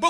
mbokk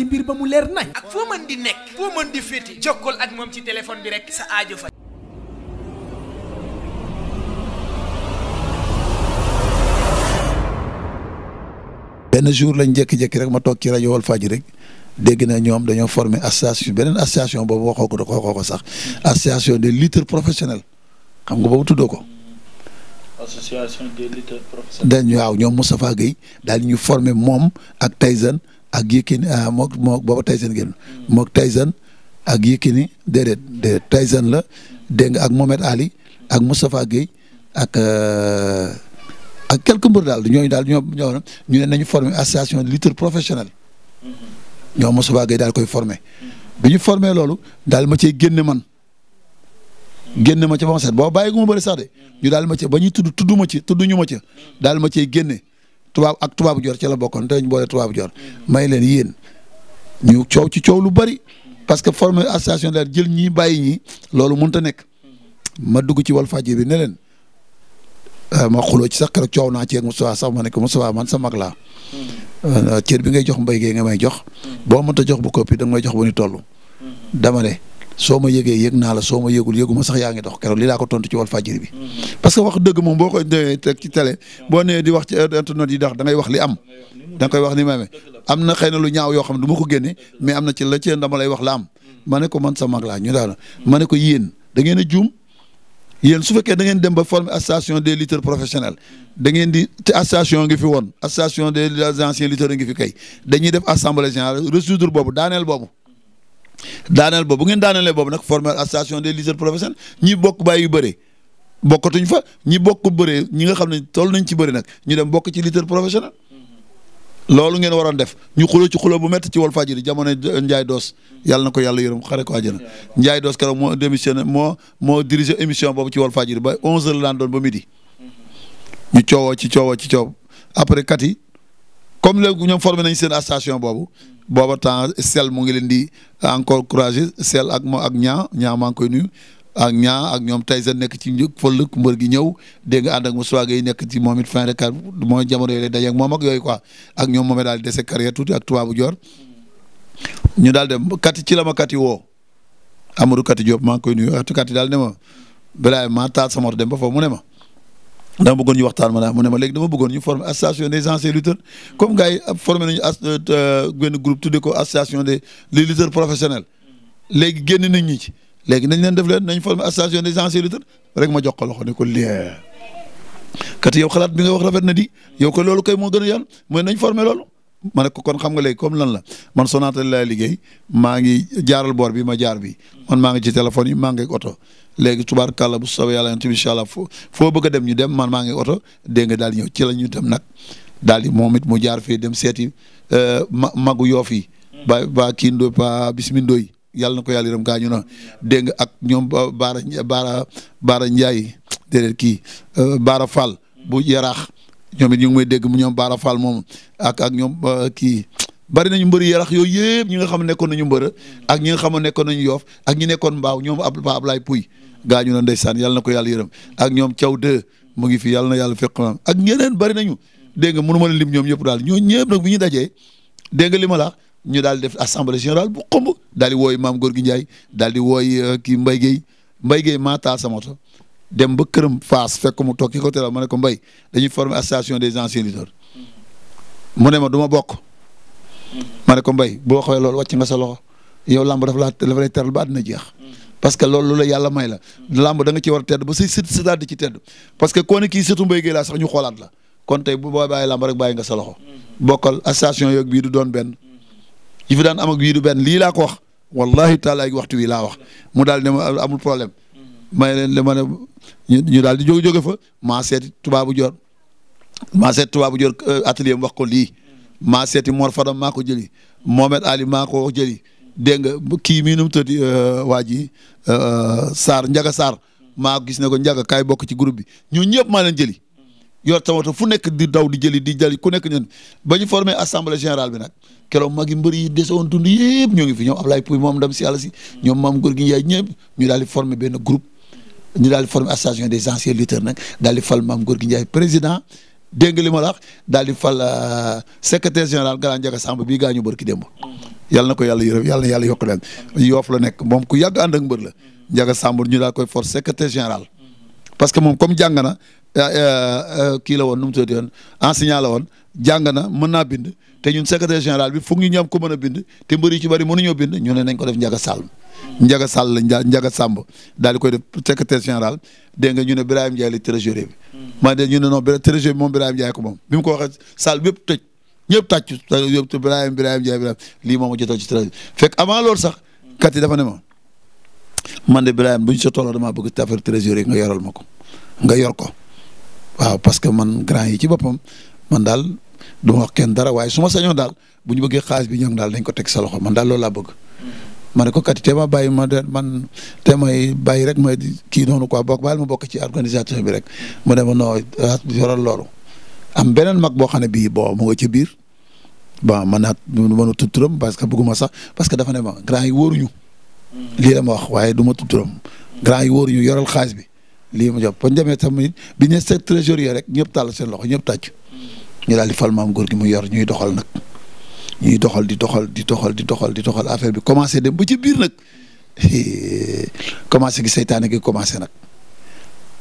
say mbir ba mu leer nañ ak foo ci téléphone sa aajo fa benn jour lañ jékki-jékki rek ma toog ci rajo Walfadjri rek dégg na ñoom dañoo formé association beneen association boobu waxoo ko waxoo ko sax association des lutteurs professionnels xam nga boobu tuddoo ko. waaw ñoom Moustapha Guèye daal ñu formé moom ak Tyson ak Yékini ah, mook mook booba Tyson génn mm. mook Tyson ak Yékini déedéet déedéet Tyson la dégg nga ak Mohamed Ali ak Moustapha Guèye ak euh, ak quelques mbër daal ñooñu daal ñoo ñoo ñu ne nañu former association lutteur professionnel mm-hmm. ñoo Moustapha Guèye daal koy former bi ñu formé loolu daal ma cee génne man génne ma ca ba ma set boo bàyyi ma bëri sax de mm-hmm. ñu daal ma ca ba ñuy tudd tudd ma ci tudd ñu ma ca mm-hmm. daal ma cee génne tubaab ak tubaabu joor ci la bokkoon te ñu boole tubaabu joor may leen yéen ñu coow ci coow lu bari parce que forme association daal jël ñii bàyyi ñii loolu mënut a nekk ma dugg ci Walfadjri bi ne leen euh, ma xuloo ci sax keroog coow naa ci ak Moustapha sax ma nekk ko Moustapha man sa mag laa euh, cër bi ngay jox mbéy gee nga may jox boo mënta jox bu koppi da may jox bu ni toll dama ne soo ma yegee yëg naa la soo ma yëgul yëgu ma sax yaa ngi dox keroog li laa ko tontu ci wal fajiri bi. parce que wax dëgg moom boo koy teg ci télé boo nee di wax ci internet yi da ngay wax li am. da nga wax ni ma am na xëy na lu ñaaw yoo xam ne du ma ko génne mais am na ci la ci dama lay wax la am. ma ne ko man sa mag laa ñu daal ma ne ko yéen da ngeen a juum yéen su fekkee da ngeen dem ba former association des lutteurs professionnels da ngeen di te association ngi fi woon association des anciens lutteurs ngi fi kay dañuy def assemblée générale résoudre boobu daaneel boobu. daaneel boobu bu ngeen daanelee boobu nag former association des lutteurs professionnels ñi bokk bàyyi yu bëree bokkatuñ fa ñi bokk bëree ñi nga xam ne toll nañ ci bëri nag ñu dem bokk ci lutteur professionnel. loolu ngeen waroon def ñu xuloo ci xuloo bu métti ci Walfadjri jamono Ndiaye Doos yàlla na ko yàlla yërëm xare ko àjjana Ndiaye Doos keroog moo démissionné moo moo dirigé émission boobu ci Walfadjri ba 11h la daan ba midi. ñu coowoo ci coowoo ci coow après kat yi comme léegi ñoom formé nañ seen station boobu booba temps sel mu ngi leen di encore courage sel ak moo ak ñaa ñaa maa ngi nuyu ak ñaa ak ñoom tey sa nekk ci fël mbër gi ñëw dégg nga ànd ak Moussa Gueye nekk ci moom it fin de carrière jamono yooyu daje yooyu quoi ak ñoom moom daal di dese carrière tuuti ak tubaabu joor ñu daal dem kati ci la ma kati woo Amadou Kati Diop maa koy nuyu waxtu kati daal ne ma Birahim maa taal sama dem ba mu ne ma. dama bëggoon ñu waxtaan ma mu ne ma léegi dama bëggoon ñu former association des anciens lutteurs comme gars yi formé nañu as euh, euh, benn groupe tuddee ko association des les lutteurs professionnels léegi génn na ñi ci léegi nañ leen def leen nañ former association des anciens lutteurs rek ma jox ko loxo ne ko lii kat yow xalaat bi nga wax rafet na di yow ko loolu kay moo gën a yàlla mooy nañ former loolu. ma ne ko kon xam nga léegi comme lan la man Sonatel laay liggéey maa ngi jaaral boor bi ma jaar bi man maa ngi ci téléphone yi maa ngi oto léegi tubaarkàlla bu soobee yàlla yonent bi incha allah foo foo bëgg a ñu dem man maa ngi oto dégg nga daal di ci la ñu dem nag daal di moom it mu jaar fii dem seeti euh, ma magu yoof yi. ba ba kii ba bisimilah yàlla na ko yàlla yërëm gaañu na dégg nga ak ñoom Baara Baara Baara Ndiaye déedéet kii euh, Baara Fall bu yaraax ñoom it ñu ngi may dégg mu ñoom Baara moom ak ak ñoom kii bari nañu mbër yarax yooyu yëpp ñi nga xam nekkoon nañu mbër ak ñi nga xam nekkoon nañu yoof ak ñi nekkoon mbaaw ñoom ab ba Ablaay Puy gaañu na ndeysaan yàlla ko yàlla yërëm ak ñoom Thiaw deux ngi fi yàlla na yàlla fekk maam ak ñeneen bari nañu dégg nga mënu ma lim ñoom ñëpp daal ñoo ñëpp nag bi ñu dajee dégg nga li ma la ñu daal def assemblée générale bu xomb daal di wooy maam Gorgui Ndiaye daal di wooy euh, kii Mbaye Guèye Mbaye Guèye maa taal sama dem ba këram Faas fekk mu toog ci côté ma ne ko Mbaye dañuy former association des anciens lutteurs mu ne ma du ma bokk. ma ne ko mbay boo xoolee loolu wàcc nga sa loxo yow làmb dafa la dafa lay teral ba jeex. parce que loolu la yàlla may la. lamb da nga ci war a tedd ba si si si daal di ci tedd parce que koo kii sëtu mbéy gi laa sax ñu xoolaat la kon tey bu boo bàyyi rek bàyyi nga sa loxo. bokkal association yooyu bii du doon benn. yi fi daan ama ak bii du benn lii laa ko wax wallahi taala ak waxtu wi laa wax mu daal ne ma amul problème. may leen li ma ñu daal di jóge jóge fa maa seeti tubaabu joor maa seet tubaab bu jor euh, atelier mu wax ko lii maa seeti Mor Fadam maa ko jëli Mohamed Ali maa ko jëli dégg nga kii mii nu tëddi euh, waa ji euh, Sarr Njaga saar maa gis ne ko Njaga kaay bokk ci groupe bi ñun ñëpp maa leen jëli yor tamata fu nekk di daw di jëli di jëli ku nekk ñun ba ñu formé assemblée générale bi nag keroog mag yi mbër yi desewoon dund yëpp ñoo ngi fi si yàlla si ñoom ñu daal di formé benn groupe ñu daal di formé association des anciens lutteurs nag daal di fal maam góor gi Njaay président dégg nga li ma la daal di fal euh, secrétaire général Grand Ndiaga Samb bii gaañu bër ki démb. Mm-hmm. yàlla na ko yàlla yërëm yàlla na yàlla yokk leen. Mm-hmm. yoof la nekk moom ku yàgg ànd ak mbër la. Mm-hmm. Ndiaga Samb ñu daal koy force secrétaire général. parce que moom comme jàng na euh, euh, kii la woon nu mu tuddati woon enseignant la woon jàng na mën naa te ñun secrétaire général bi foog ñu ñam ko a bind te mbër yi ci bari mënuñoo bind ñu ne nañ ko def Ndiaga Sall. Ndiaga Sall Ndiaga Samb daal di koy def secrétaire général dégg nga ñu ne Birahim Ndiaye la trésorier bi. Hmm. maa de ñu ne non trésorier bi moom Birahim Ndiaye ko moom bi mu ko waxee bi yëpp tëj ñëpp tàcc yëpp Birahim lii moom a jotoo ci fek fekk avant loolu sax. kat yi dafa ne ma man de Birahim bu ñu sa tolloo damaa bëgg affaire trésorier nga yorol ma ko nga yor ko waaw parce que man grand yi ci boppam man daal du ma wax kenn dara waaye su ma sañoon daal bu ñu bëggee xaalis bi ñoom daal dañ ko teg sa loxo man daal laa bëgg. ma ne ko kat te ma bàyyi ma de man te may bàyyi rek may kii noonu ko bokk baal ma bokk ci organisation bi rek mu ne ma nooy yoral loolu am beneen mag boo xam ne bii bon mu nga ci biir bon man naa mënu tudd turam parce que bëgguma sax parce que dafa ne ma grand yi wóoruñu hmm. lii la ma wax waaye duma ma tudd turam grand yi wóoruñu yoral xaalis bi lii mu jox ba ñu demee tamit bi ñu ne seen trésorier rek ñëpp tàll seen loxo ñëpp tàcc hmm. ñu daal di fal maam góor gi mu yor ñuy doxal nag ñuy doxal di doxal di doxal di doxal di doxal affaire bi commencé dem ba ci biir nag commencé gi seytaane ki commencé nag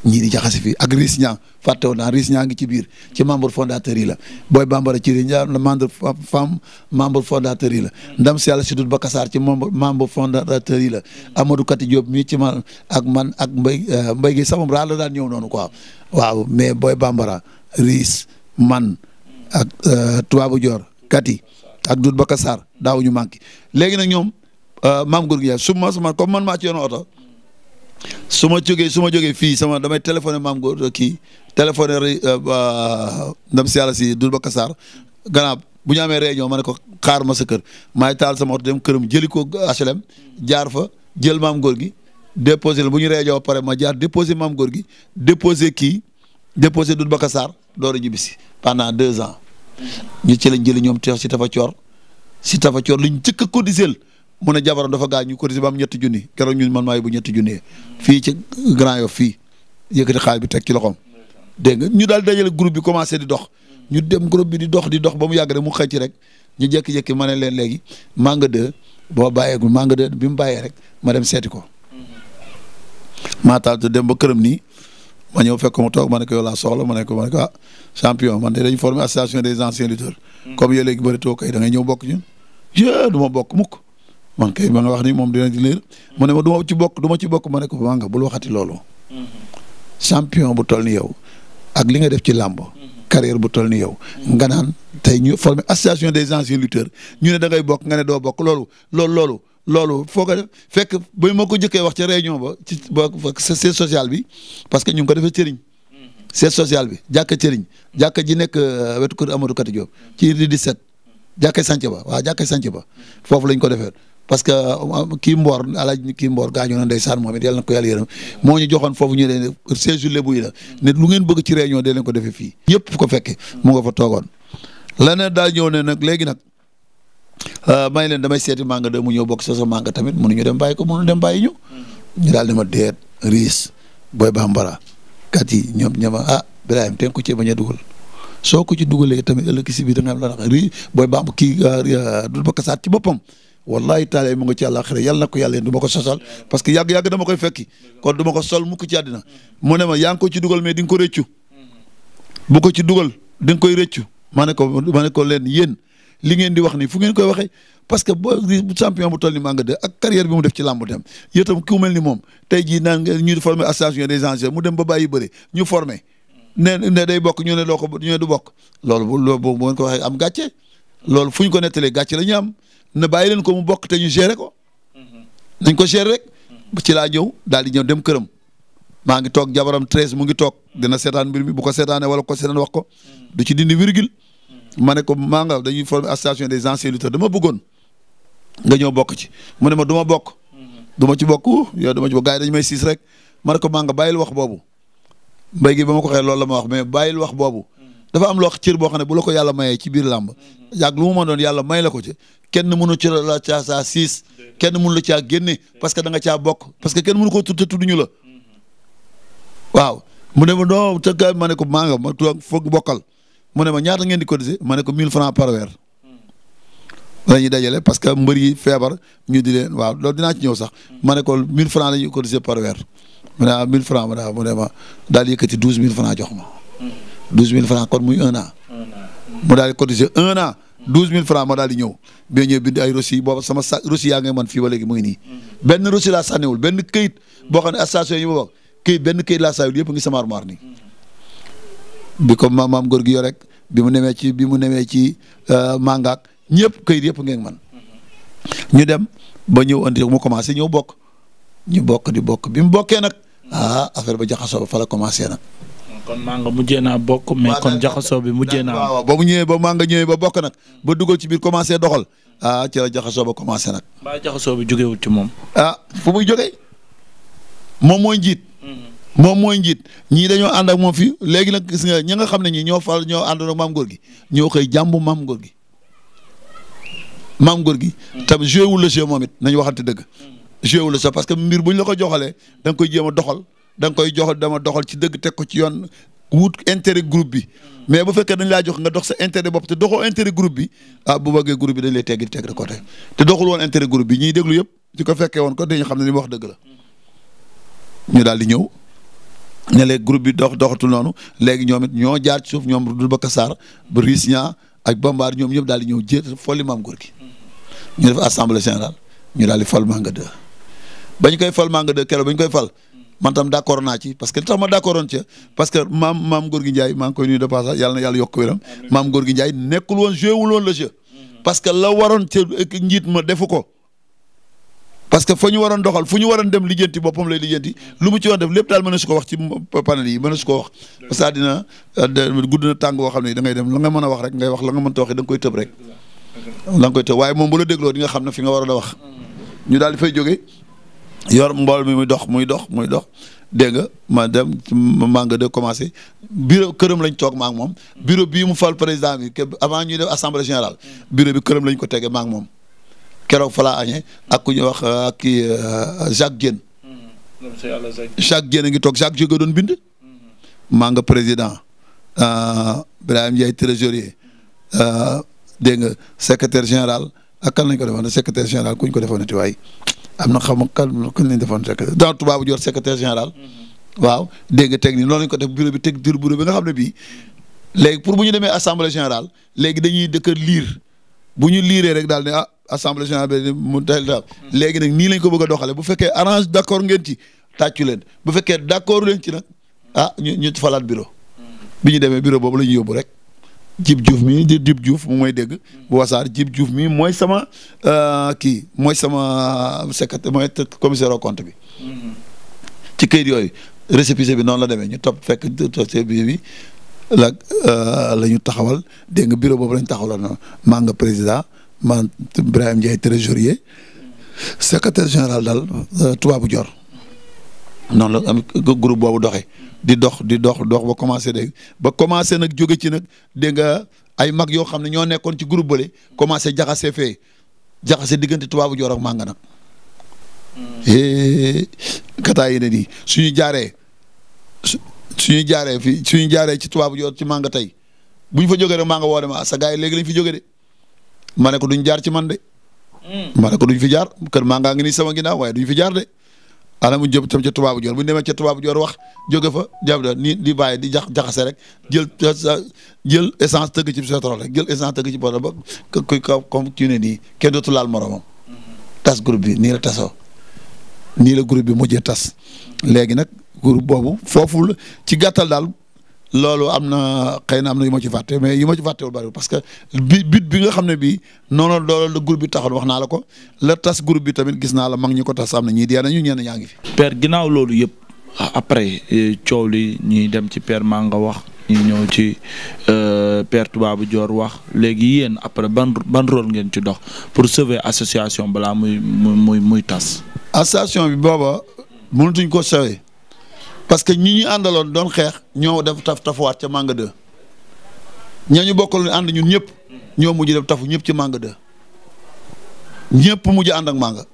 ñii di jaxas fii ak Riis Niang fàtte woon naa Riis Niang ngi ci biir ci membre fondateur yi la Boy Bambara ci Riis Niang membre femme membre fondateur yi la ndam si yàlla si dut ba kasaar ci membre membre fondateur yi la Amadou Kati Diop mii ci man ak man ak mbay euh, mbay gi samam raa la daan ñëw noonu quoi waaw mais Boy Bambara Riis man ak euh, Tubabu joor Kati ak Doudou Baka Sarr daawuñu manqué léegi nag ñoom euh, maam góor gi yaay suma ma comme man maa ci yoon oto su ma jógee su ma jógee fii sama damay téléphoné maam góor euh, kii téléphoné euh, ndam si yàlla si Doudou Baka Sarr gannaaw bu ñu amee réunion ma ne ko xaar ma sa kër maay taal sama oto dem këram jëli ko HLM jaar fa jël maam góor gi déposé la bu ñu réunion ba pare ma jaar déposé maam góor gi déposé kii déposé Doudou Baka Sarr door a ñibbisi pendant deux ans. ñu ci lañ jëli ñoom teex si tafa coor si tafa coor liñ njëkk a cotiseel mu ne jabaram dafa gaañ ñu cotisé ñetti junni keroog ñun man maay bu ñetti junni fii ci Grand Yoff fii yëkkati xaalis bi teg ci loxoom. dégg ñu daal dajale groupe bi commencé di dox ñu dem groupe bi di dox di dox ba mu yàgg rek mu xëcc rek ñu jékki-jékki ma ne leen léegi Manga 2 boo bàyyeegul Manga 2 bi mu bàyyee rek ma dem seeti ko. maa taal dem ba këram nii ma ñëw fekk mu toog ma ne ko yow laa soxla ma ne ko ma ne ko ah champion man de dañu former association des anciens lutteurs. Hmm. comme yow léegi bëritoo kay da ñëw bokk ñun. yee du ma bokk mukk man kay ma wax ni moom dina di leer hmm. mu ne ma du ci bokk du ma ci bokk ma ne ko maa nga bul waxati loolu. Hmm. champion bu toll ni yow ak li nga def ci làmb. carrière bu tol ni yow. nga naan te ñu former association des anciens lutteurs ñu ne da ngay bokk nga ne doo bokk loolu loolu loolu. loolu foo ko fekk ba ma ko jëkkee wax ca réunion ba ci ba siège social bi parce que ñu ngi ko defee cëriñ siège social bi jàkka cëriñ jàkka ji nekk euh, wetu kër Amadou Kati Diop ci rue set jàkkay sànc ba waaw jàkkay sànc ba foofu lañ ko defee parce que kii mboor alaaj kii Mbor gaañoo na ndeysaan moom it yàlla na ko yàlla yërëm moo ñu joxoon foofu ñu leen euh, siège Lebu yi la ne lu bëgg ci réunion dee leen ko defee fii ñëpp ko fekkee mu nga fa toogoon leneen daal ñëw ne nag léegi nag Euh, may leen damay seeti manga de mu ñëw bokk sa sa manga tamit mënuñu dem ko mënu dem bàyyi ñu. Mm-hmm. ñu daal di ma deet riis booy bambara kat yi ñoom ñama ah Birahim teen ko a dugal soo ko ci dugalee tamit ëllëg si biir da nga xam la ndax ri booy bamb kii ah, ah, du ba kasaat ci boppam. wallahi taala mu nga ci àllaaxira yàlla na ko yàlla du ma ko sosal parce que ci dugal mais mm-hmm. ko ci dugal di ko ma ne ko leen yéen li ngeen di wax ni fu ngeen koy waxee parce que boo champion bu toll ni Manga 2 ak carrière bi mu def ci làmb dem yow itam ku mel ni moom tey jii ne ne bokk ñu ne doo ko ñu bokk loolu loolu boobu bu ngeen ko waxee am gàcce loolu fu ñu ko nettalee gàcce la am na bàyyi leen ko mu bokk te ñu gérer ko nañ ko gérer rek ci laa ñëw daal di ñëw dem këram maa ngi toog jabaram treize mu ngi toog dina seetaan mbir mi bu ko seetaanee wala ko seetaan wax ko du ci dindi virgule ma ne ko maa nga dañuy former association des anciens lutteurs dama bëggoon nga ñëw bokk ci mu ne ma duma bokk. du ma ci bokk yow du ma ci bokk gars dañu may siis rek ma ne ko maa nga wax boobu mbéy gi ba ma ko xee loolu la ma wax mais bàyyil wax boobu. am loo cër boo xam ne bu la ko yàlla mayee ci biir làmb yàgg lu mu ma doon yàlla may la ko ci kenn mënu ci la caa saa siis kenn mënu la caa génne parce que da nga caa bokk parce que kenn mënu koo tudd te la waaw mu ne ma non te ma ne ko maa nga ma bokkal mu ne ma ñaata ngeen di cotiser ma ne ko 1000 francs par weer. la ñuy dajale parce que mbër yi feebar ñu di leen waaw loolu dinaa ci ñëw sax ma ne ko 1000 francs la ñuy cotiser par weer mu ne ah 1000 francs ma daal ah, mu ne ma daal yëkkati 12000 francs jox ma. 12000 francs kon muy un an. mu daal di cotiser un an. 12000 francs ma daal di ñëw bi ñëw ay reçu booba sama sa reçu yaa ngay man fii ba léegi mu ngi nii. benn reçu laa sànniwul benn këyit boo xam ne station yi ma benn këyit laa sànniwul yëpp ngi sama bi ko maam góor gi yor rek bi mu nemee ci bi mu nemee ci euh, màngaak ñëpp kayit yëpp ngeen man ñu dem ba ñëw andi mu commencé ñëw bokk ñu bokk di bokk bi mu bokkee nag ah affaire ba jaxasoo ba fa la commencé nag. kon mànga mujjee naa bokk. mais kon jaxasoo bi mujjee naa. waaw ba mu ñëwee ba mànga ñëwee ba bokk nag ba dugal ci biir commencé doxal ah ci la jaxasoo ba commencé nag. mbaa jaxasoo bi jógewul ci moom. ah fu muy jógee moom mooy njiit. moom mooy njiit ñii dañoo ànd ak moom fii léegi nag gis nga ñi nga xam ne ñi ñoo fal ñoo àndoon ak maam góor gi ñoo koy jàmbu maam góor gi maam góor gi tam joué wul la jeu moom it nañu waxante dëgg joué wul la jeu que mbir bu ñu la ko joxalee da koy jéem doxal da koy joxal dama doxal ci dëgg teg ko ci yoon wut intérêt groupe bi mais bu fekkee dañ laa jox nga dox sa intérêt bopp te doxoo intérêt groupe bi ah bu bëggee groupe bi dañ lay teggi teg de côté te doxul woon intérêt déglu yëpp ko fekkee woon ko dañu xam ne li mu wax dëgg la ñu daal di ñëw ne léegi groupe bi dox doxatul noonu léegi ñoom ñoo jaar ci suuf ñoom dul Bakka Sarr ba Risnia ak Bambaar ñoom ñëpp daal di ñëw jéet folli maam góor gi ñu def assemblée générale ñu daal di fal Manga 2 ba ñu koy fal Manga 2 keroog koy fal man naa ci parce que li tax ma d' accordoon ci parce que maam maam góor gi Ndiaye maa koy nuyu de passage yàlla na yàlla yokk wéram maam góor gi Ndiaye nekkul woon joué wul woon le jeu parce que la waroon ca njiit ma defu ko. parce que foo ñu waroon doxal fu ñu waroon dem lijjanti boppam lay lijjanti lu mu ci war def lépp mën na su wax ci panel mën na su wax parce dina gudd na tàng boo ne da dem la nga mën a wax rek ngay wax la nga mën ta wax da koy tëb waaye moom bu la dégloo di nga xam ne fi nga waroon ñu daal di fay jógee yor mbool mi muy dox muy dox muy dox dégg nga ma dem maa nga de commencé bureau këram lañ toog maak moom bureau bii mu fal président bi avant ñuy def assemblée générale bureau bi këram lañ ko tege maak moom keroog fa laa ak ku ñu wax euh, ak kii euh, Jacques Diène. Mm-hmm. Jacques Diène a ngi toog Jacques Diène doon bind. Mm-hmm. maa nga président euh, Ibrahima Ndiaye trésorier dégg nga secrétaire général ak kan nañ ko defoon secrétaire général ku ñu ko defoon waay am na xam kan kan lañ defoon secrétaire dans tubaab bu jor secrétaire général. Mm-hmm. waaw dégg nga teg nii noonu lañ ko def bureau bi teg dir bureau bi nga xam ne bi léegi pour bu ñu demee assemblée générale léegi dañuy dëkk liir bu ñu liiree rek daal ne ah, assemblée générale bi mu teel daal léegi nag nii lañ ko bëgg a doxalee bu fekkee arrange d' accord ngeen ci leen bu fekkee d' accord leen ci nag ah ñu ñu falaat bureau hmm. bi ñu demee bureau boobu la ñu yóbbu rek Djib Diouf mii di Djib Diouf mu may dégg hmm. bu wasaar Djib juuf mii mooy sama euh, kii mooy sama secrétaire mooy commissaire au compte bi hmm. ci këyit yooyu récépissé bi noonu la demee ñu top fekk se bi la euh, la ñu taxawal dégg nga bureau boobu la ñu taxawal noonu maa nga président ma Ibrahima Ndiaye trésorier secrétaire général daal euh, tubaabu jor noonu la groupe boobu doxee di dox di dox dox ba commencé dégg ba commencé nag jóge ci nag dégg nga ay mag yoo xam ne ñoo nekkoon ci groupe bële commencé jaxase fee jaxase diggante tubaabu jor ak mànga nag. Hmm. Eh, kataa yi ne nii suñu jaaree suñu jaaree fii ñu jaaree ci tubaabu jor ci mànga tey bu ñu fa jógee rek mànga woo de ma ah, sa gars yi léegi lañ jóge de. ma ne ko duñ jaar ci man de. ma ne ko duñ fi jaar kër maa ngaa ngi nii sama ginnaaw waaye duñ fi jaar de. ana mu jëm tam ca tubaabu joor bu ñu demee ca tubaabu joor wax jóge fa jàpp da nii di bàyyi di jax jaxase rek jël jël essence tëgg ci pétrole rek jël essence tëgg ci pétrole ba kuy kaw comme ci ne nii kenn dootu laal moromam. tas groupe bi nii la tasoo nii la groupe bi mujjee tas. léegi nag groupe boobu foofu la ci gàttal daal loolu am na xëy na am na yu ci fàtte mais yi ma ci fàttewul bëriwul parce que bi but bi nga xam ne bii noonu loolu la groupe bi taxoon wax naa la ko la tas groupe bi tamit gis naa la mag ñi ko tas am na ñii dee nañu ñenn ñaa ngi fi. père ginnaaw loolu yëpp après e, coow li ñuy dem ci per Manga wax ñu ñëw ci e, père Toubabou joor wax léegi yéen après ban ban ngeen ci dox pour sauver association balaa muy muy muy muy tas. association bi booba mënatuñ ko sauver. parce que ñi ñu àndaloon doon xeex ñoo def taf tafuwaat ca Manga 2 ñoo ñu bokkal ànd ñun ñëpp ñoo mujj def tafu ñëpp ci Manga 2 ñëpp mujj ànd ak Manga.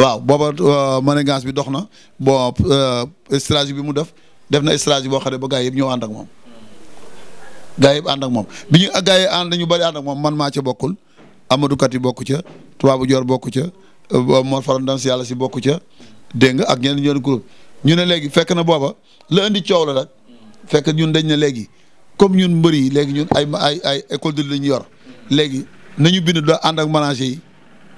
waaw booba euh, manigance bi dox na bon euh, stratégie bi mu def def na stratégie boo xam ne ba gaa yëpp ñëw ànd ak moom. gaa yëpp ànd ak moom bi ñu gaa yi ànd ñu bëri ànd moom man maa ca bokkul Amadou Kati bokk ca Tubaabu Joor bokku ca euh, Mor Faram dan si yàlla si bokku ca dégg nga ak ñenn ñoom groupe. ñu ne léegi fekk na booba la indi coow la nag fekk ñun dañ ne léegi comme ñun mbër yi léegi ñun ay ay ay école de la ñu yor léegi nañu bind doo ànd ak manager yi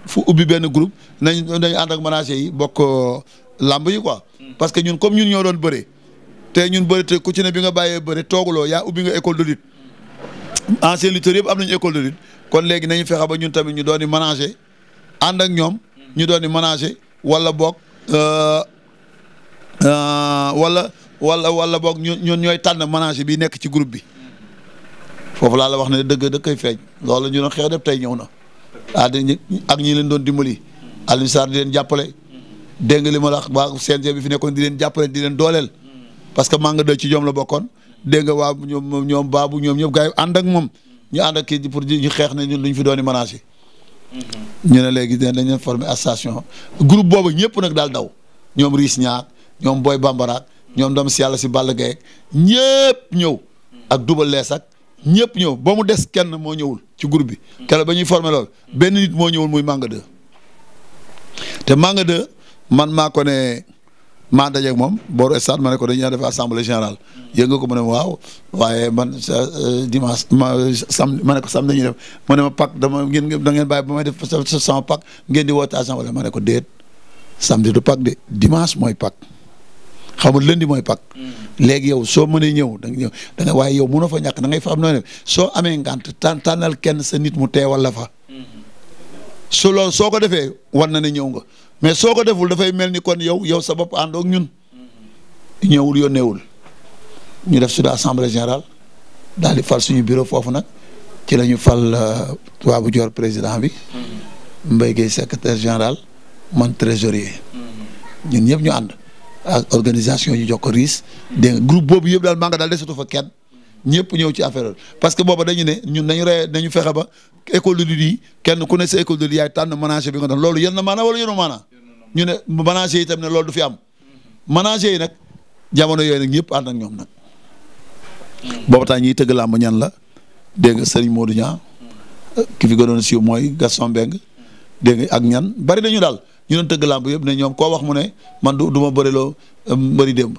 fu ubbi benn groupe nañ nañu ànd ak manager yi bokk euh, làmb yi quoi. parce que ñun comme ñun ñoo doon bëree te ñun bëri te ku bi nga bàyyee bëri tooguloo yaa ubbi nga école de lutte ancien lutteurs yëpp am nañu école de lutte kon léegi nañu fexe ba ñun tamit ñu doon di ànd ak ñoom ñu doon di manager wala bokk. Euh, wala wala wala boog ñun ñun ñooy tànn manager bi nekk ci groupe bi foofu laa la wax ne dëgg da koy feeñ loolu ñu doon xeex def tey ñëw na. ah ak ñi leen doon dimbali. Alioune di leen jàppale. dégg nga li ma la wax waa fi nekkoon di leen jàppale di leen dooleel. parce que Manga Deux ci ñoom la bokkoon. dégg nga waa ñoom ñoom baabu ñoom ñëpp gars yi ànd ak moom. ñu ànd ak kii pour ñu xeex ne ñun duñ fi doon manager. Mhm. ñu ne léegi dañ leen former association group boobu ñëpp nag daal daw ñoom Riis ñaar ñoom Boy Bambara ñoom doom si yàlla si Balla Gaye ñëpp ñëw ak Double Less ak ñëpp ñëw ba mu des kenn moo ñëwul ci groupe bi. keroog ba ñuy formé lool benn nit moo ñëwul muy Manga 2 te Manga 2 man maa ko ne maa daje moom booru stade ma ne ko dañuy def assemblée générale ko mu ne waaw waaye man euh, dimanche ma sam ma ne ko sam dañuy def mu ne ma pak dama ngeen da ngeen bàyyi ba may def sama pak ngeen di woote assemblée ma ne ko déet samedi du pak de dimanche mooy pak. xaw ma lundi mooy Pâques. Mm. léegi yow soo mënee ñëw da nga ñëw waaye yow mënoo fa ñàkk da ngay fa am nooy soo amee ngant tàn tànnal kenn sa nit mu teewal la fa. Mm-hmm. su soo ko defee war na ne ñëw nga mais soo ko deful dafay mel ni kon yow yow sa bopp àndoo ak ñun. Mm-hmm. ñëwul yónneewul ñu def suñu assemblée générale daal di fal suñu bureau foofu nag ci lañu ñu fal euh, Babou Dior président bi. Mm-hmm. Mbaye secretaire secrétaire général man trésorier. ñun ñëpp ñu ànd. ak organisation ñu jox ko RIS. dégg boobu yëpp daal maa nga daal desatu fa kenn. ñëpp ñëw ci affaire parce que booba dañu ne ñun nañu rey nañu fexe ba école de lutte kenn ku ne sa école de lutte yaay tànn manager bi nga doon loolu yën na ñu ne manager yi tam ne loolu du fi am yi nag jamono yooyu nag ñëpp ànd ak ñoom nag. booba taa ñiy tëgg làmb ñan la dégg nga Serigne Modou Niang ki fi gënoon siiw mooy Gaston Mbengue dégg nga ak ñan bari nañu daal. ñu doon tëgg làmb yëpp ne ñoom koo wax mu ne man du du ma bëriloo euh, mbëri démb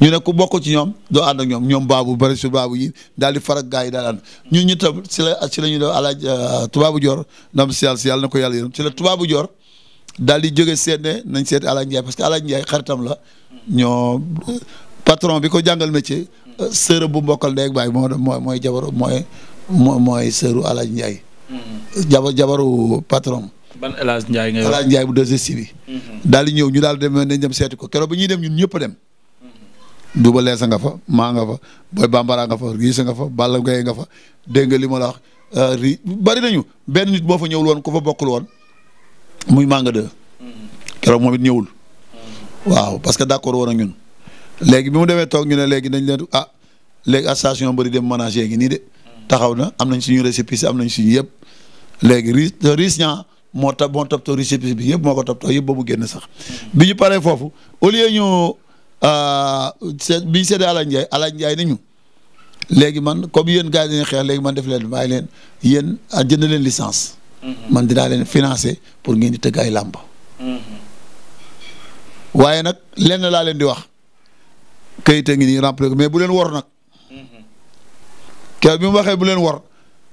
ñu ne ku bokk ci ñoom doo ànd ak ñoom ñoom baabu bëri su baabu yi daal di farak gaa yi daal ànd ñu tam si la si la ñu def alaaj euh, tubaabu joor ndam si yàlla si yàlla na ko yàlla yërëm si la tubaabu joor daal di jóge seet ne nañ seet alaaj Ndiaye parce que alaaj Ndiaye xaritam la ñoo patron bi ko jàngal métier euh, sër bu mbokkal ndey ak baay moo mooy mooy jabaru mooy mooy sëru alaaj Ndiaye mm-hmm. jabar jabaru patron ban El Hadj Ndiaye ngay wax El bu 2STV bi. Mhm. daal di ñëw ñu daal dem nañ dem seet ko keroog ba ñuy ñu ñun ñëpp dem. Mhm. Duba Leesa nga fa maanga nga fa Boy nga fa Riisa nga fa Balla Gaye nga fa dégg nga li ma la wax euh, bari nañu benn nit boo fa ñëwul woon ku fa bokkul woon muy Manga 2. Mhm. keroog moom it ñëwul. waaw parce que d'accord woon a ñun. léegi bi mu demee toog ñu ne léegi dañ leen ah léegi station bëri dem manager gi nii de. taxaw na am nañ suñu récépissé am nañ suñu yëpp léegi ris ñaa moo tab moo toppatoo récépissé bi yëpp moo ko toppatoo yëpp ba mu génn sax bi ñu paree foofu au lieu ñu euh, bi ñu seede Alaaji Ndiaye Alaaji Ndiaye ni léegi man comme yéen gars yi dañuy xeex léegi man def leen bàyyi leen yéen ah, jënd leen licence. Mm-hmm. man dinaa leen financé pour ngeen di tëgg ay làmb. Mm-hmm. waaye nag lenn laa leen di wax kayit a ngi nii remplir mais bu leen wor nag. Mm-hmm. kew bi mu waxee bu leen wor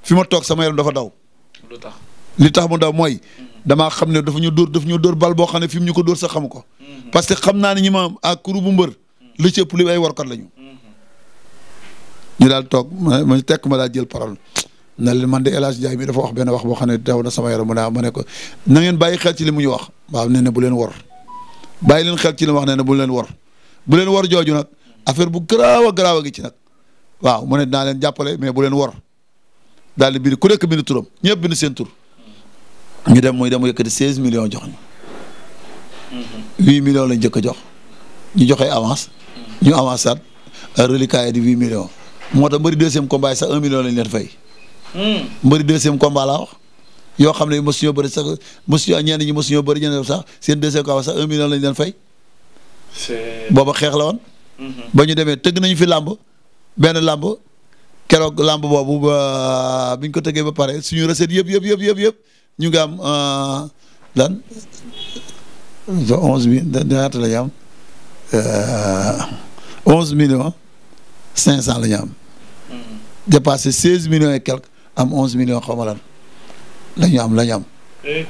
fi ma toog sama yaram dafa daw. li tax mu ndaw mooy damaa xam ne dafa ñu dóor dafa ñu dóor bal boo xam ne fi mu ñu ko door sax xamu ko mm-hmm. parce que xam naa ne ñi ma am ak kuru bu mbër mm-hmm. li ci ëpp li ay warkat lañu. Mm-hmm. ñu daal toog ma tekk ma daal jël parole na leen man de El Hadj Ndiaye mi dafa wax benn wax boo xam ne daw na sama yaram mu ne ma ne ko na ngeen bàyyi xel ci li mu ñu wax waaw nee na bu leen wor bàyyi leen xel ci li mu wax nee na bu leen wor bu leen wor jooju nag affaire bu garaaw a garaaw a ci nag waaw ma ne dinaa leen jàppale mais bu leen wor daal di ku nekk bind turam ñëpp bind seen tur. ñu dem muy dem mu yëkkati 16 millions jox ñu. 8 millions lañ jëkk a jox ñu joxe avance. ñu avancé a reliquat yi di 8 millions. moo tax mbëri deuxième combat yi sax 1 million lañ leen fay. mbëri deuxième combat yoo xam ne mosuñoo bëri sax mosuñu ñenn ñi mosuñoo bëri ñeneen sax seen deuxième combat sax 1 lañ leen fay. booba xeex la woon. Mhm. ba ñu demee tëgg nañu fi làmb benn làmb keroog làmb boobu ba bi ñu ko tëggee ba pare suñu recette yëpp yëpp yëpp yëpp yëpp. ñu ngi am euh, lan onze mille ñaata la ñu am euh, onze millions cinq cent la ñu am. Mm-hmm. dépassé seize millions et quelque am onze millions xaw ma lan la ñu am la ñu am. Eh,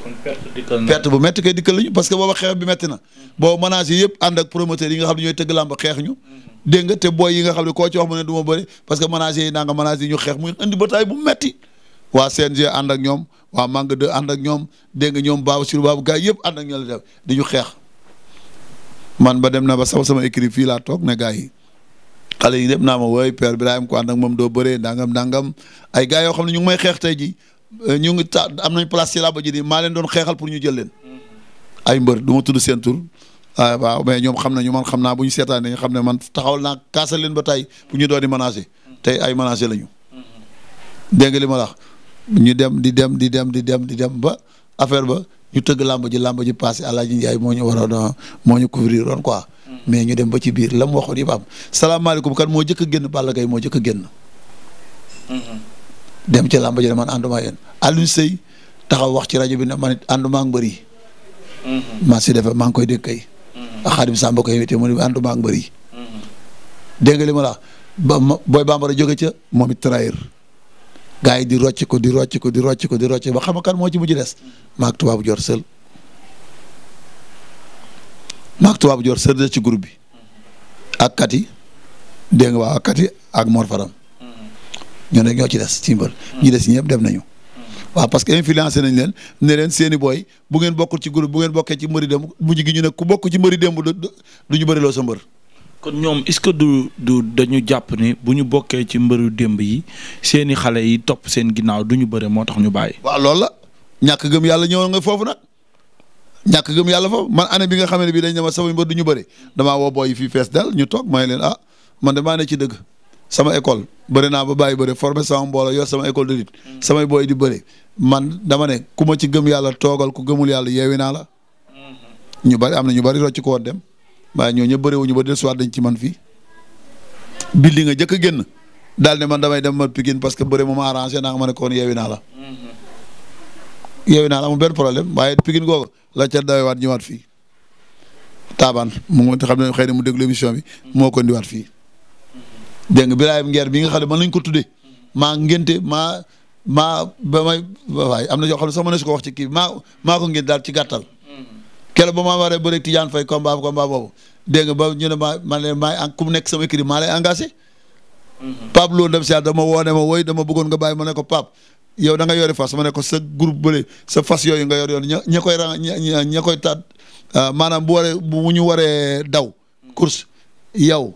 perte bu métti kay dikkal lañu parce que booba xeex bi métti na. Mm-hmm. boobu ménage yi yëpp ànd ak promoteur yi nga xam ne tëgg làmb xeex ñu. Mm-hmm. dégg te booy yi nga xam ne koo ci wax mu ne du ma bëri parce que ménage yi naa nga ñu xeex muy indi bataay bu metti waa CNG ànd ak ñoom waa Manga 2 ànd ak ñoom dégg nga ñoom baabu sur baabu gars yëpp ànd ak ñoom la di ñu xeex man ba dem na ba sama sama écrit fii laa toog ne gars yi xale yi dem naa ma woy père Birahim ko ànd ak moom doo bëree ndangam ndangam ay gars yoo xam ne ñu ngi may xeex tey ji euh, ñu ngi ta am nañ place ci laa ba ji nii maa leen doon xeexal pour ñu jël leen ay mbër du ma tudd seen tur ah waaw mais ñoom xam nañu man xam naa bu ñu seetaan dañu xam ne man taxawal naa kaasal leen ba tey ñu doon di menacer tey ay menacer mm-hmm. la wax ñu dem di dem di dem di dem di dem ba affaire ba ñu tëgg làmb ji làmb ji passé Alaaji Njaay moo ñu waroon moo ñu couvrir woon quoi. Mm. mais ñu dem ba ci biir la mu waxoon yëpp am salaamaaleykum kan moo jëkk a génn Balla Gaye moo jëkk a génn. Mm-hmm. dem ci làmb ji man ànduma yéen Alioune taxaw wax ci rajo bi ne man it ànduma ak si mm-hmm. defee maa ngi koy dégg kay. Mm-hmm. Xaadim Samba ko mu ne ànduma ak mbër yi. dégg nga li ma la ba ma jóge ca moom it trahir. gaa yi di rocc ko di rocc ko di rocc ko di rocc ba xam kan moo ci mujj des maak tubaabu jor sël maak tubaabu jor sël des ci groupe bi ak kat yi dégg nga waaw ak kat ak moor Faram ñoo ne ñoo ci des ci mbër ñi des ñëpp dem nañu. waaw parce que influencé nañ leen ne leen seeni booy bu ngeen bokkul ci groupe bu ngeen bokkee ci mbëri démb mujj gi ñu ne ku bokk ci mbëri démb du ñu bëriloo sa mbër. kon ñoom est-ce que du du dañu jàpp ni bu ñu bokkee ci mbaru demb yi seeni xale yi topp seen ginnaaw du ñu bëre moo tax ñu bàyyi. waaw loolu la ñàkk gëm yàlla ñëw nga foofu nag ñàkk gëm yàlla foofu man année bi nga xam bii dañ ne ma sama mbër du ñu bëre damaa booy fii fees dal ñu toog may leen ah man de maa ne ci dëgg sama école bëri naa ba bàyyi bëri formé sama mbooloo yor sama école de lutte hmm. samay booy di bëri man dama ne ku ma ci gëm yàlla toogal ku gëmul yàlla yeewi naa la hmm. ñu bëri am na ñu bëri rocc ko woon dem waaye ñoo ñëpp bëriwuñu ba del soir dañ ci man fii billi nga jëkk génn daal ne man damay dem ma Pikine parce que bëri moom arrangé naa nga ma ne koon yeewi naa la mm-hmm. yeewi benn problème waaye Pikine googu la ca dawewaat waat fii taabaan mu ngi xam ne xëy na mu déglu émission mm-hmm. moo ko ndiwaat fii mm-hmm. dégg nga Birahim bi nga xam ne man lañ ko tuddee maa ngénte maa maa ba may waaye am na yoo xam ne ma ne su ko wax ci kii maa maa ko ngénte daal ci gàttal kele ba ma waree bëri Tidiane Faye combat combat boobu dégg nga ba ñu ne ma man leen maay ah, ku nekk sama kii maa lay engagé. Mhm. Pape Lo dem si dama woo ne ma woy dama bëggoon nga bàyyi ma ne ko Pape yow da nga yori fas ma ne ko sa groupe bële sa fas yooyu nga yor yoon ña ña koy ra ña koy taat ah, maanaam bu waree bu ñu waree daw. course yow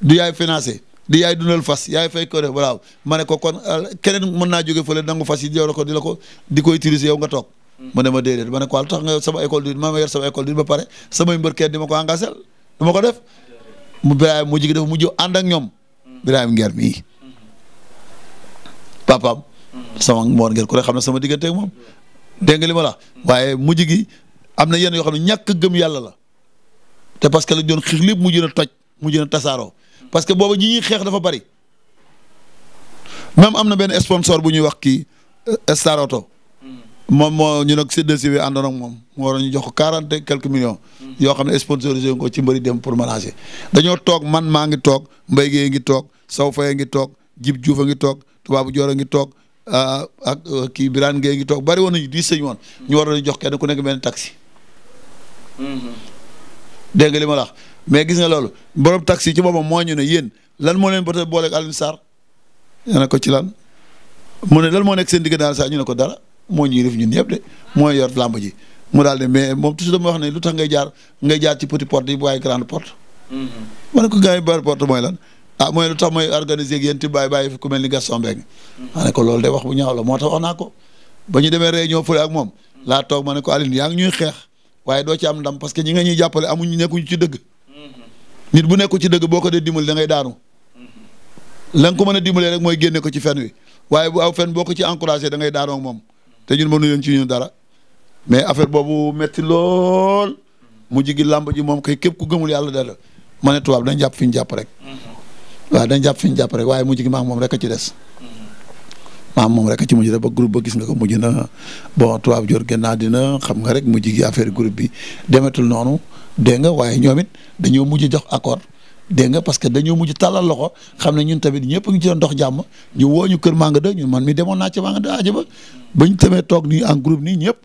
du yaay financé di yaay dundal fas yaay fay ko def voilà ko kon ah, keneen mën naa jóge fële nangu fas yi di la ko di la ko di ko utiliser yow nga toog. mu ne ma déedéet ma ne ko lu tax nga sama école du ma ma yor ba pare samay mbër kenn di ma ko engagé du ma ko def mu Birahim mujj gi dafa mujj ànd ñoom Birahim Nguer mii papaam sama moor ngeen xam ne sama diggante ak moom nga li ma la waaye mujj gi am na yenn yoo xam ne ñàkk gëm yàlla la te parce que lañ doon xeex lépp mujj na toj mujj na tasaaroo parce que boobu ñi xeex dafa bari même am na benn sponsor bu ñuy wax kii Star moom moo ñu nag C2C moom moo waroon ñu jox ko quarante et quelques yoo xam ne sponsorisé ko ci mbëri dem pour mélanger. dañoo toog man maa ngi toog mbay Guèye ngi toog Sow Faye ngi toog Jib juuf a ngi toog Tubaabu Joor a ngi toog ah, ak uh, kii Birane Guèye ngi toog bari woon nañu diis sëñ woon. ñu waroon jox kenn ku nekk benn taxi. Mm-hmm. dégg nga li ma mais gis nga loolu borom taxi ci boppam moo ñu ne yéen lan moo leen booleeg Alioune Sarr ñu ne ko ci lan mu ne lan moo nekk seen diggante daal Sarr ñu ne ko dara. moo ñuy def ñun ñëpp de moo yor làmb ji mu daal ne mais moom toujours dama wax ne lu tax ngay jaar ngay jaar ci petite porte yi waaye grande porte. Mm-hmm. ma mooy lan a ah, mooy lu tax mooy organiser ak yéen ti bàyyi bàyyi fi mel ni Gaston Mbengue. Mm-hmm. ma ne loolu wax bu moo tax wax naa ko ñu demee réunion fële ak moom mm-hmm. laa ma ne ko Alioune ñuy xeex waaye doo ci am ndam parce que ñi nga ñuy jàppale amuñu nekkuñu ci dëgg. nit bu nekkul ci dëgg boo ko dee dimbali da ngay daanu. la nga ko mën a dimbalee rek mooy génne ko ci fen wi waaye bu aw fen boo ko ci encouragé dangay ngay moom te ñun mënuñu ci ñun dara mais affaire boobu metti lool mu jigi làmb ji moom kay képp ku gëmul yàlla dara ma ne tubaab dañ jàpp fi ñu jàpp rek. waaw dañ jàpp fi ñu jàpp rek waaye mujj gi maam moom rek a ci des. maam moom rekk ci mujj rek ba groupe ba gis nga ko mujj na bon tubaab jor gën naa dina xam nga rek mujj gi affaire groupe bi demetul noonu dégg nga waaye ñoom it dañoo mujj jox accord. dégg nga parce que dañoo mujj tàllal loxo xam ne ñun tamit ñëpp ngi ci doon dox jàmm ñu woo ñu kër Manga 2 ñun man mi demoon naa ci Manga 2 aja ba toog nii en nii ñëpp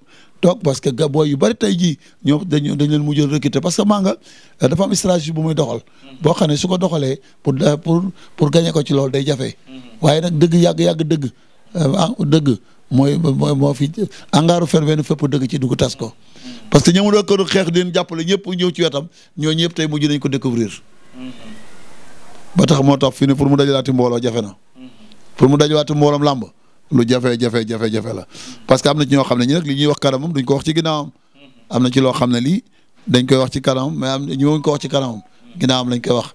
toog parce que gaboo yu bëri tey jii ñoom dañu dañ leen mujjoon recruter parce que Manga euh, dafa am bu muy doxal boo xam ne su ko doxalee pour pour pour gagner ko ci loolu day jafe mm-hmm. waaye nag dëgg yàgg-yàgg dëgg euh, ah, dëgg mooy moo fi angaaru fer wenn fépp dëgg ci dugg tas ko mm-hmm. parce que ñëmu doo këru xeex di leen jàppale ñëpp ñëw ci wetam ñoo ñëpp tey mujj nañ ko découvrir ba tax moo tax fii ne pour mu dajalaati mbooloo jafe na pour mu dajalaati mbooloom làmb lu jafe jafe jafe la parce que am na ci ñoo xam ne ñi nag li ñuy wax kanamam duñ ko wax ci ginnaawam am na ci loo xam ne lii dañ koy wax ci kanamam mais am ñu ko wax ci kanamam ginnaawam lañ koy wax.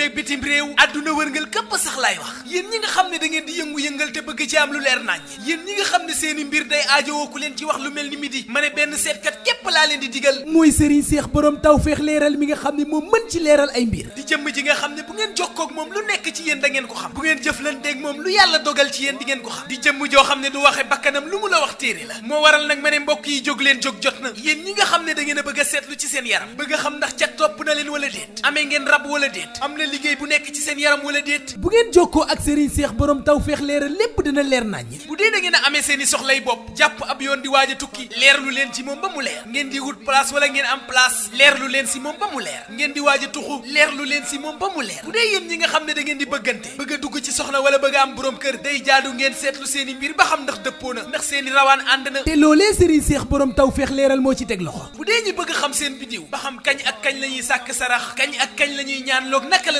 meeg bitim réew adduna wërngal képp sax laay wax yéen ñi nga xam ne da ngeen di yëngu-yëngal te bëgg ci am lu leer nañ yéen ñi nga xam ne seeni mbir day aajowoo ku leen ci wax lu mel ni midi ma ne benn seetkat képp laa leen di digal mooy sëriñ seex borom tawfeex leeral mi nga xam ne moom mën ci leeral ay mbir di jëmm ji nga xam ne bu ngeen jokkoo ak moom lu nekk ci yéen da ngeen ko xam bu ngeen jëflanteeg moom lu yàlla dogal ci yéen di ngeen ko xam di jëmm joo xam ne du waxe bakkanam lu mu la wax téere la moo waral nag ma ne yi jóg leen jóg jot na yéen ñi nga xam ne da ngeen bëgg seetlu ci seen yaram a xam ndax ca na leen wala déet amee ngeen rab wala déet am liggéey bu nekk ci seen yaram wala déet bu ngeen jokkoo ak Serigne Seex borom tawfeex leeral lépp dina leer naññ bu dee da ngeen amee seen i soxlay bopp jàpp ab yoon di waaj tukki leer leen ci moom ba mu leer ngeen di wut place wala ngeen am place leer lu leen si moom ba mu leer ngeen di waaja a tuxu leer lu leen si moom ba mu leer bu dee yéen ñi nga xam ne dangeen di bëggante bëgg dugg ci soxna wala bëgg am borom kër day jaadu ngeen seetlu seen i ba xam ndax dëppoo na ndax seen rawaan ànd na te loolee Serigne Seex borom tawfeex leeral moo ci teg loxo dee ñi bëgg xam seen bidiw ba xam kañ ak kañ la ñuy sàkk sarax kañ ak kañ la ñuy ñaan naka la